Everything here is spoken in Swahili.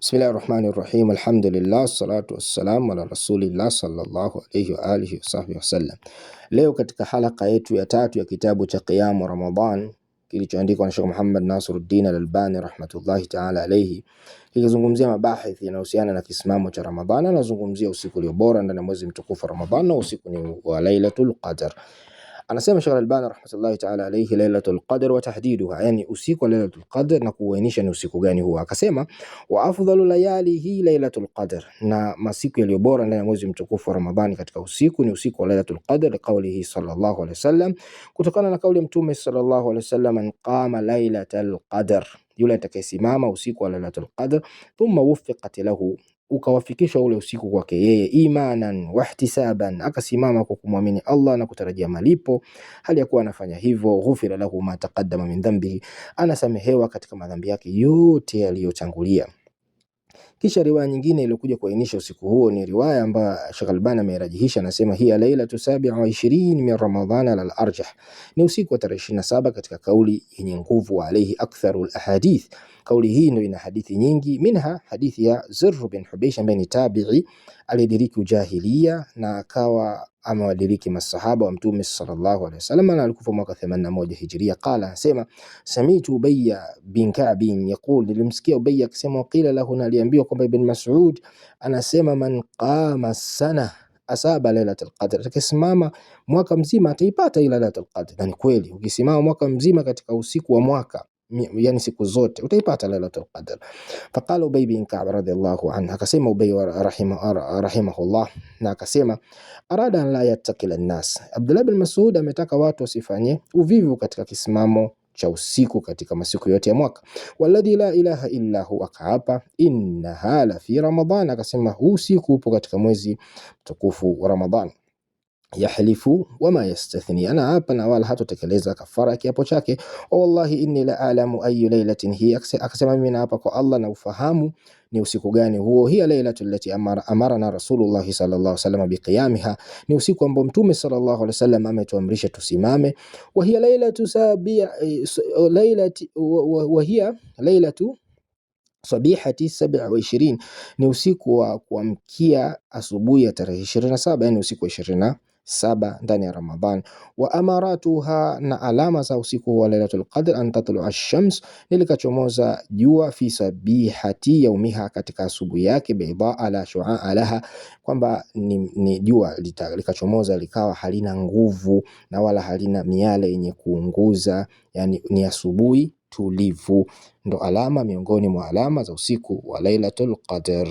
Bismillahi rahmani rahim, alhamdulillah wassalatu wassalamu ala rasulillah sallallahu alayhi wa alihi wasahbihi wasallam. Leo katika halaka yetu ya tatu ya kitabu cha Qiyamu ramadhan kilichoandikwa na Sheikh Muhammad Nasiruddin Al-Albani rahmatullahi ta'ala alayhi, kikizungumzia mabahithi yanayohusiana na kisimamo cha ramadhan Anazungumzia usiku ulio bora ndani ya mwezi mtukufu Ramadhan, na usiku ni wa Lailatul Qadr. Anasema Sheikh Albani rahmatullahi ta'ala alayhi, lailatul qadr wa tahdiduha, yani usiku wa lailatul qadr na kuainisha ni usiku gani huo. Akasema wa afdhalu layali hi lailatul qadr, na masiku yaliyo bora ndani ya mwezi mtukufu wa Ramadhani katika usiku ni usiku wa lailatul qadr, liqaulihi sallallahu alayhi wasallam, kutokana na kauli ya Mtume sallallahu alayhi wasallam, man qama lailatul qadr, yule atakayesimama usiku wa lailatul qadr, thumma wufiqat lahu ukawafikisha ule usiku kwake yeye imanan wahtisaban, akasimama kwa kumwamini Allah na kutarajia malipo, hali ya kuwa anafanya hivyo. Ghufira lahu ma taqaddama min dhanbihi, anasamehewa katika madhambi yake yote yaliyotangulia. Kisha riwaya nyingine iliyokuja kuainisha usiku huo ni riwaya ambayo Sheikh Albani amerajihisha anasema hiya lailatu sabia wa ishirini min Ramadhana alal arjah, ni usiku wa tarehe 27 katika kauli yenye nguvu, alaihi aktharu lahadith Kauli hii ndio ina hadithi nyingi, minha hadithi ya Zurr bin Hubaysh ambaye ni tabi'i aliyediriki ujahilia na akawa ama wadiriki masahaba wa Mtume sallallahu alaihi wasallam, na alikufa mwaka 81 Hijria. Qala anasema samitu Ubayya bin Ka'b yaqul, nilimsikia Ubayya akisema, waqila lahu, na aliambiwa kwamba Ibn Mas'ud anasema man qama sana asaba lailatul qadr, atakisimama mwaka mzima ataipata ila lailatul qadr. Na ni kweli, ukisimama mwaka mzima katika usiku wa mwaka yani siku zote utaipata Lailatul Qadr. Faqala Ubay bin Ka'b radhiyallahu anhu, akasema Ubay rahimahullah, na akasema arada an la an nnas. Abdullah bin Mas'ud ametaka watu wasifanye uvivu katika kisimamo cha usiku katika masiku yote ya mwaka. Walladhi la ilaha illa hu, akaapa innaha la fi Ramadhan, akasema huu usiku upo katika mwezi mtukufu wa Ramadhani yahlifu wama yastathni, hapa na wala hatotekeleza kafara ya kiapo chake. Wa wallahi inni la alamu ayu laylatin hiya, akasema mimi naapa kwa Allah na ufahamu ni usiku gani huo. Hiya lailatu lati amara amarana Rasulullah sallallahu alaihi wasallam biqiyamiha, ni usiku ambao Mtume sallallahu alaihi wasallam ametuamrisha tusimame. Wa hiya lailatu sabia laylati wa hiya laylatu sabihati sabia wa ishirini, ni usiku wa kuamkia asubuhi ya tarehe 27, yani usiku wa saba ndani ya Ramadhan. Wa amaratuha, na alama za usiku wa Lailatul Qadr, an tatlu ash-shams, nilikachomoza jua, fi sabihati yaumiha, katika asubuhi yake, baidaa la shuaa laha, kwamba ni, ni jua likachomoza likawa halina nguvu na wala halina miale yenye kuunguza, yani ni asubuhi tulivu. Ndo alama miongoni mwa alama za usiku wa Lailatul Qadr.